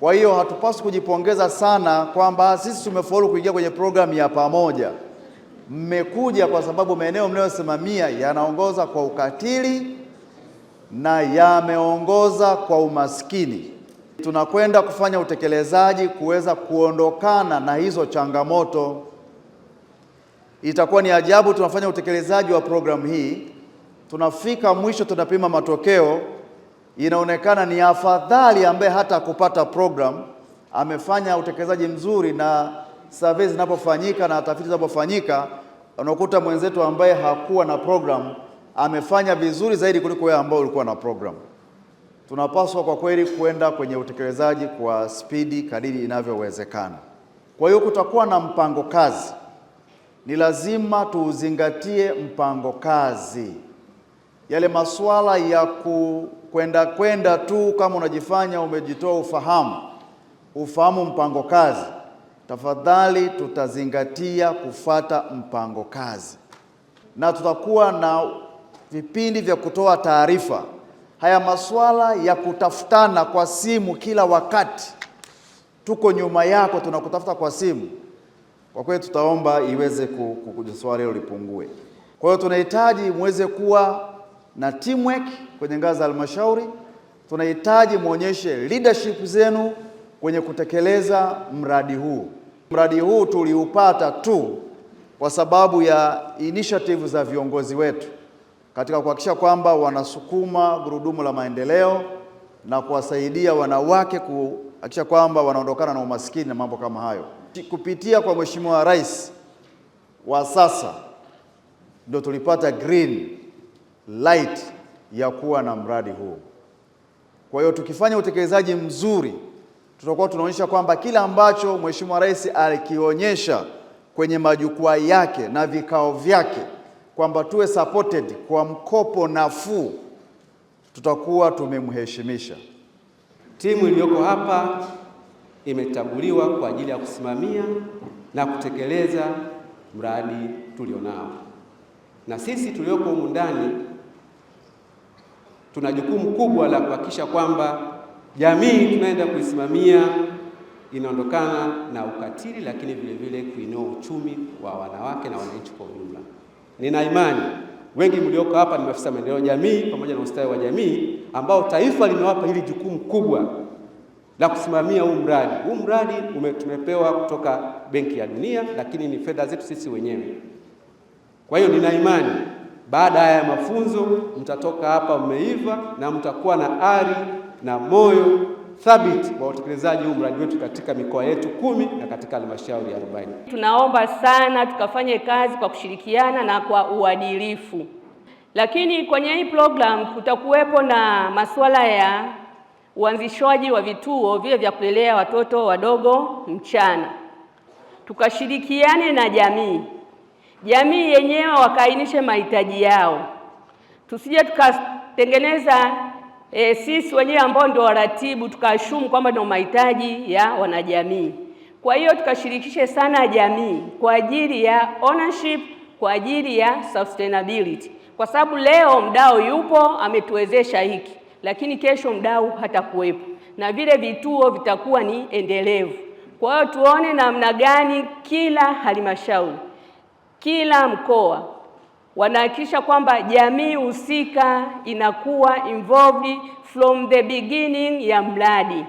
Kwa hiyo hatupaswi kujipongeza sana kwamba sisi tumefaulu kuingia kwenye programu ya pamoja. Mmekuja kwa sababu maeneo mnayosimamia yanaongoza kwa ukatili na yameongoza kwa umaskini. Tunakwenda kufanya utekelezaji kuweza kuondokana na hizo changamoto. Itakuwa ni ajabu, tunafanya utekelezaji wa programu hii, tunafika mwisho, tunapima matokeo inaonekana ni afadhali ambaye hata kupata program amefanya utekelezaji mzuri, na survey zinapofanyika na tafiti zinapofanyika unakuta mwenzetu ambaye hakuwa na program amefanya vizuri zaidi kuliko wewe ambao ulikuwa na program. Tunapaswa kwa kweli kwenda kwenye utekelezaji kwa spidi kadiri inavyowezekana. Kwa hiyo kutakuwa na mpango kazi, ni lazima tuuzingatie mpango kazi, yale masuala ya ku kwenda kwenda tu kama unajifanya umejitoa ufahamu, ufahamu mpango kazi. Tafadhali tutazingatia kufata mpango kazi, na tutakuwa na vipindi vya kutoa taarifa. Haya masuala ya kutafutana kwa simu kila wakati, tuko nyuma yako, tunakutafuta kwa simu, kwa kweli tutaomba iweze swala hilo lipungue. Kwa hiyo tunahitaji muweze kuwa na teamwork kwenye ngazi za halmashauri. Tunahitaji mwonyeshe leadership zenu kwenye kutekeleza mradi huu. Mradi huu tuliupata tu kwa sababu ya initiative za viongozi wetu katika kuhakikisha kwamba wanasukuma gurudumu la maendeleo na kuwasaidia wanawake kuhakikisha kwamba wanaondokana na umaskini na mambo kama hayo. Kupitia kwa Mheshimiwa Rais wa sasa ndio tulipata green light ya kuwa na mradi huu. Kwa hiyo tukifanya utekelezaji mzuri, tutakuwa tunaonyesha kwamba kila ambacho Mheshimiwa Rais alikionyesha kwenye majukwaa yake na vikao vyake kwamba tuwe supported kwa mkopo nafuu, tutakuwa tumemheshimisha. Timu iliyoko hapa imechaguliwa kwa ajili ya kusimamia na kutekeleza mradi tulionao, na sisi tulioko humu ndani tuna jukumu kubwa la kuhakikisha kwamba jamii tunaenda kuisimamia inaondokana na ukatili, lakini vile vile kuinua uchumi wa wanawake na wananchi kwa ujumla. Nina imani wengi mlioko hapa ni maafisa maendeleo jamii pamoja na ustawi wa jamii ambao taifa limewapa hili jukumu kubwa la kusimamia huu mradi. Huu mradi tumepewa kutoka Benki ya Dunia, lakini ni fedha zetu sisi wenyewe. Kwa hiyo nina imani baada ya mafunzo mtatoka hapa mmeiva na mtakuwa na ari na moyo thabiti wa utekelezaji huu mradi wetu katika mikoa yetu kumi na katika halmashauri ya arobaini. Tunaomba sana tukafanye kazi kwa kushirikiana na kwa uadilifu. Lakini kwenye hii program kutakuwepo na masuala ya uanzishwaji wa vituo vile vya kulelea watoto wadogo mchana, tukashirikiane na jamii jamii yenyewe wakaainishe mahitaji yao, tusije tukatengeneza e, sisi wenyewe ambao ndio waratibu tukashumu kwamba ndio mahitaji ya wanajamii. Kwa hiyo tukashirikishe sana jamii kwa ajili ya ownership, kwa ajili ya sustainability, kwa sababu leo mdau yupo ametuwezesha hiki, lakini kesho mdau hatakuwepo na vile vituo vitakuwa ni endelevu. Kwa hiyo tuone namna gani kila halmashauri kila mkoa wanahakikisha kwamba jamii husika inakuwa involved from the beginning ya mradi.